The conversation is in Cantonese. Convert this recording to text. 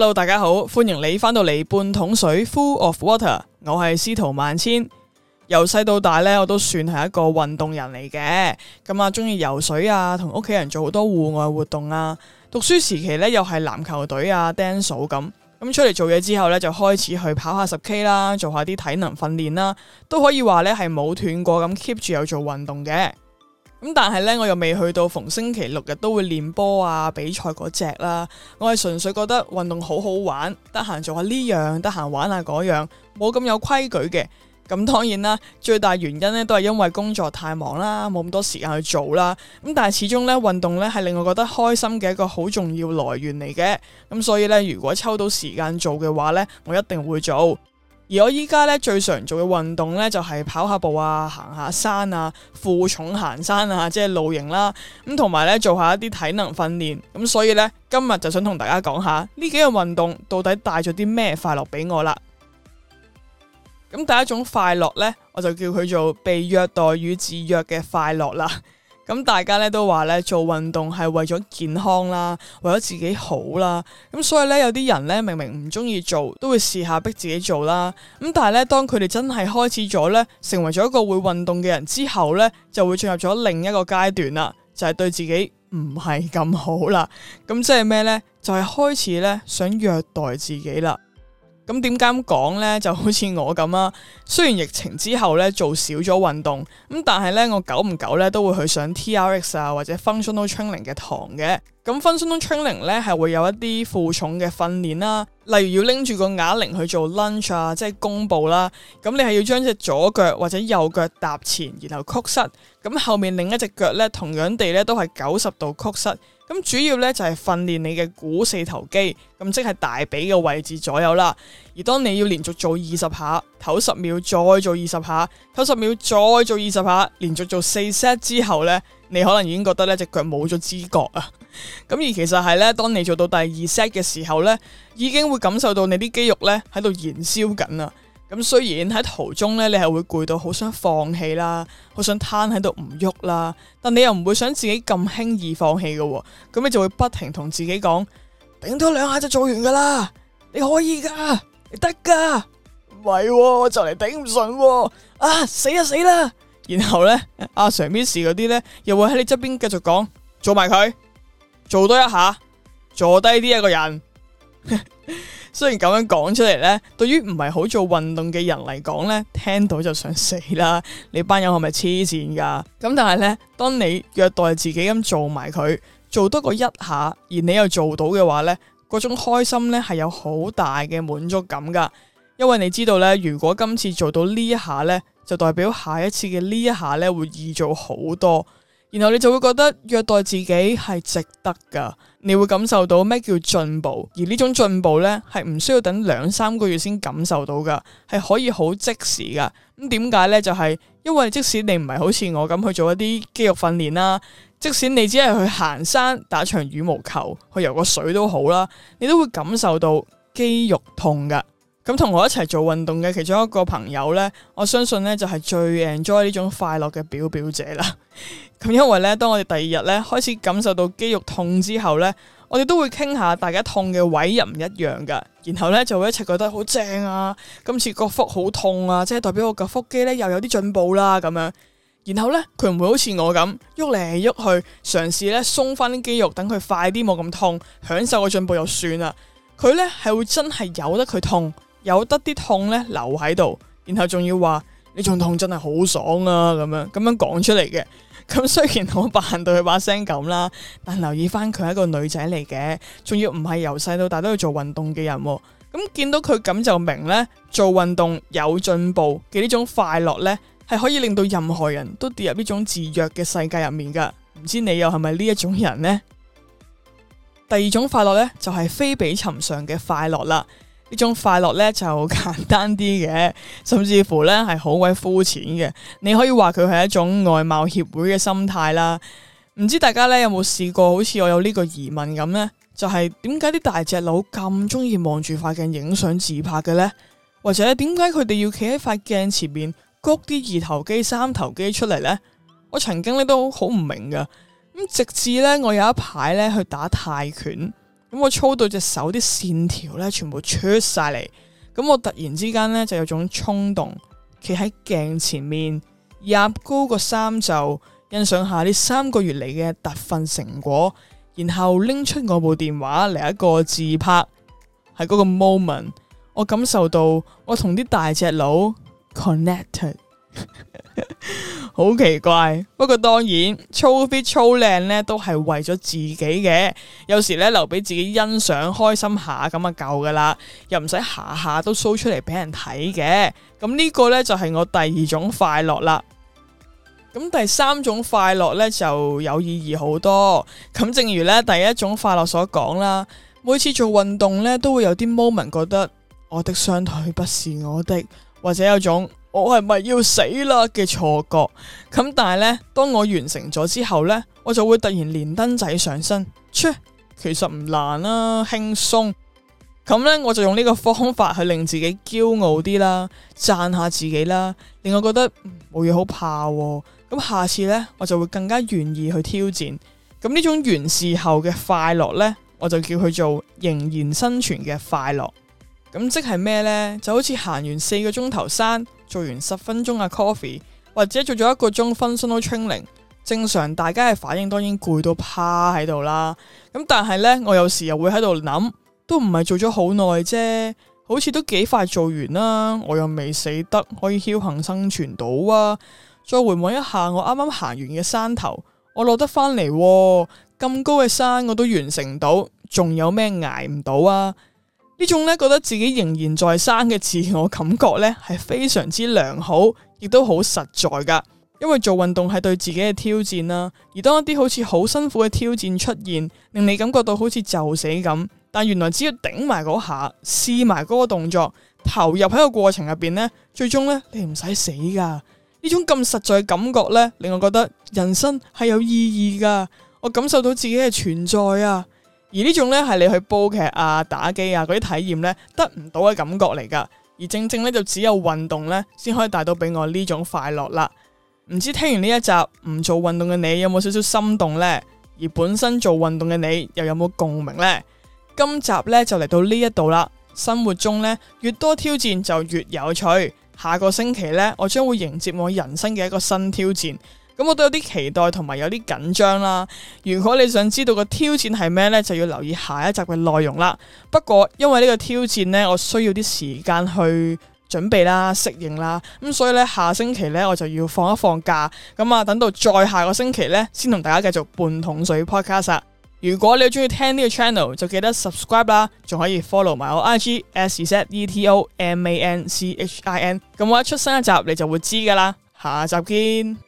Hello，大家好，歡迎你返到嚟半桶水 （Full of Water），我係司徒萬千。由細到大咧，我都算係一個運動人嚟嘅，咁、嗯、啊，中意游水啊，同屋企人做好多戶外活動啊。讀書時期咧，又係籃球隊啊、dancer 咁咁、嗯、出嚟做嘢之後咧，就開始去跑下十 K 啦，做下啲體能訓練啦，都可以話咧係冇斷過咁 keep 住有做運動嘅。咁、嗯、但係咧，我又未去到逢星期六日都會練波啊、比賽嗰隻啦，我係純粹覺得運動好好玩，得閒做下呢樣，得閒玩下嗰樣，冇咁有規矩嘅。咁、嗯、當然啦，最大原因呢都係因為工作太忙啦，冇咁多時間去做啦。咁、嗯、但係始終呢，運動呢係令我覺得開心嘅一個好重要來源嚟嘅。咁、嗯、所以呢，如果抽到時間做嘅話呢，我一定會做。而我依家咧最常做嘅運動咧就係跑下步啊、行下山啊、負重行山啊，即係露營啦，咁同埋咧做下一啲體能訓練。咁所以咧今日就想同大家講下呢幾個運動到底帶咗啲咩快樂俾我啦。咁第一種快樂咧，我就叫佢做被虐待與自虐嘅快樂啦。咁大家咧都話咧做運動係為咗健康啦，為咗自己好啦。咁所以咧有啲人咧明明唔中意做，都會試下逼自己做啦。咁但係咧當佢哋真係開始咗咧，成為咗一個會運動嘅人之後咧，就會進入咗另一個階段啦，就係對自己唔係咁好啦。咁即係咩咧？就係開始咧想虐待自己啦。咁點解咁講呢？就好似我咁啦，雖然疫情之後咧做少咗運動，咁但係咧我久唔久咧都會去上 TRX 啊或者 functional training 嘅堂嘅。咁 functional training 咧係會有一啲負重嘅訓練啦，例如要拎住個啞鈴去做 lunge 啊，即係弓步啦。咁你係要將隻左腳或者右腳踏前，然後屈膝，咁後面另一隻腳咧同樣地咧都係九十度屈膝。咁主要咧就係訓練你嘅股四頭肌，咁即係大髀嘅位置左右啦。而當你要連續做二十下，唞十秒，再做二十下，唞十秒，再做二十下，連續做四 set 之後呢，你可能已經覺得呢隻腳冇咗知覺啊。咁 而其實係咧，當你做到第二 set 嘅時候呢，已經會感受到你啲肌肉呢喺度燃燒緊啊。咁雖然喺途中咧，你係會攰到好想放棄啦，好想攤喺度唔喐啦，但你又唔會想自己咁輕易放棄噶喎，咁你就會不停同自己講，頂多兩下就做完噶啦，你可以噶，你得噶，唔係喎，我就嚟頂唔順，啊死啊死啦！然後咧，阿 Sir、Miss 嗰啲咧，又會喺你側邊繼續講，做埋佢，做多一下，坐低啲一,一個人。 雖然咁樣講出嚟呢對於唔係好做運動嘅人嚟講呢，聽到就想死啦！你班友係咪黐線噶？咁但係呢，當你虐待自己咁做埋佢，做多過一下，而你又做到嘅話呢，嗰種開心呢係有好大嘅滿足感噶因為你知道呢，如果今次做到呢一下呢，就代表下一次嘅呢一下呢會易做好多。然後你就會覺得虐待自己係值得噶，你會感受到咩叫進步，而呢種進步呢係唔需要等兩三個月先感受到噶，係可以好即時噶。咁點解呢？就係因為即使你唔係好似我咁去做一啲肌肉訓練啦，即使你只係去行山、打場羽毛球、去游個水都好啦，你都會感受到肌肉痛噶。咁同我一齊做運動嘅其中一個朋友呢，我相信呢就係最 enjoy 呢種快樂嘅表表姐啦。咁 因為呢，當我哋第二日呢開始感受到肌肉痛之後呢，我哋都會傾下，大家痛嘅位又唔一樣噶。然後呢，就會一齊覺得好正啊！今次個腹好痛啊，即係代表我個腹肌呢又有啲進步啦咁樣。然後呢，佢唔會好似我咁喐嚟喐去嘗試呢鬆翻啲肌肉，等佢快啲冇咁痛，享受個進步就算啦。佢呢係會真係由得佢痛。有得啲痛咧，留喺度，然後仲要話你仲痛，真係好爽啊！咁樣咁樣講出嚟嘅，咁雖然我扮到佢把聲咁啦，但留意翻佢係一個女仔嚟嘅，仲要唔係由細到大都要做運動嘅人喎，咁見到佢咁就明咧，做運動有進步嘅呢種快樂咧，係可以令到任何人都跌入呢種自虐嘅世界入面噶。唔知你又係咪呢一種人呢？第二種快樂咧，就係非比尋常嘅快樂啦。呢種快樂咧，就簡單啲嘅，甚至乎咧係好鬼膚淺嘅。你可以話佢係一種外貌協會嘅心態啦。唔知大家咧，有冇試過好似我有呢個疑問咁呢？就係點解啲大隻佬咁中意望住塊鏡影相自拍嘅呢？或者點解佢哋要企喺塊鏡前面谷啲二頭肌、三頭肌出嚟呢？我曾經咧都好唔明㗎。咁直至呢，我有一排咧去打泰拳。咁我操到隻手啲線條咧，全部出晒嚟。咁我突然之間咧就有種衝動，企喺鏡前面，入高個衫袖，欣賞下呢三個月嚟嘅特訓成果，然後拎出我部電話嚟一個自拍。喺嗰個 moment，我感受到我同啲大隻佬 connected。 好奇怪，不過當然，操 fit 操靚呢都係為咗自己嘅。有時呢，留俾自己欣賞開心下咁啊夠噶啦，又唔使下下都 show 出嚟俾人睇嘅。咁呢個呢，就係我第二種快樂啦。咁第三種快樂呢，就有意義好多。咁正如呢第一種快樂所講啦，每次做運動呢，都會有啲 moment 覺得我的雙腿不是我的，或者有種。我係咪要死啦嘅錯覺？咁但係呢，當我完成咗之後呢，我就會突然連登仔上身，切，其實唔難啦，啊，輕鬆。咁呢，我就用呢個方法去令自己驕傲啲啦，讚下自己啦，令我覺得冇嘢好怕，啊。咁下次呢，我就會更加願意去挑戰。咁呢種完事後嘅快樂呢，我就叫佢做仍然生存嘅快樂。咁即係咩呢？就好似行完四個鐘頭山。做完十分鐘嘅 coffee，或者做咗一個鐘 functional training，正常大家嘅反應當然攰到趴喺度啦。咁但係呢，我有時又會喺度諗，都唔係做咗好耐啫，好似都幾快做完啦、啊。我又未死得，可以僥幸生存到啊！再回望一下我啱啱行完嘅山頭，我落得返嚟咁高嘅山，我都完成到，仲有咩挨唔到啊？呢種咧覺得自己仍然在生嘅自我感覺咧，係非常之良好，亦都好實在噶。因為做運動係對自己嘅挑戰啦、啊，而當一啲好似好辛苦嘅挑戰出現，令你感覺到好似就死咁，但原來只要頂埋嗰下，試埋嗰個動作，投入喺個過程入邊呢，最終呢，你唔使死噶。呢種咁實在嘅感覺呢，令我覺得人生係有意義噶。我感受到自己嘅存在啊。而呢種呢係你去煲劇啊、打機啊嗰啲體驗呢，得唔到嘅感覺嚟噶，而正正呢，就只有運動呢先可以帶到俾我呢種快樂啦。唔知聽完呢一集唔做運動嘅你有冇少少心動呢？而本身做運動嘅你又有冇共鳴呢？今集呢就嚟到呢一度啦。生活中呢，越多挑戰就越有趣。下個星期呢，我將會迎接我人生嘅一個新挑戰。咁我都有啲期待，同埋有啲緊張啦。如果你想知道個挑戰係咩呢，就要留意下一集嘅內容啦。不過因為呢個挑戰呢，我需要啲時間去準備啦、適應啦。咁所以呢，下星期呢，我就要放一放假，咁啊等到再下個星期呢，先同大家繼續半桶水 podcast。如果你中意聽呢個 channel，就記得 subscribe 啦，仲可以 follow 埋我 I G s z e t o m a n c h i n。咁我一出新一集，你就會知噶啦。下集見。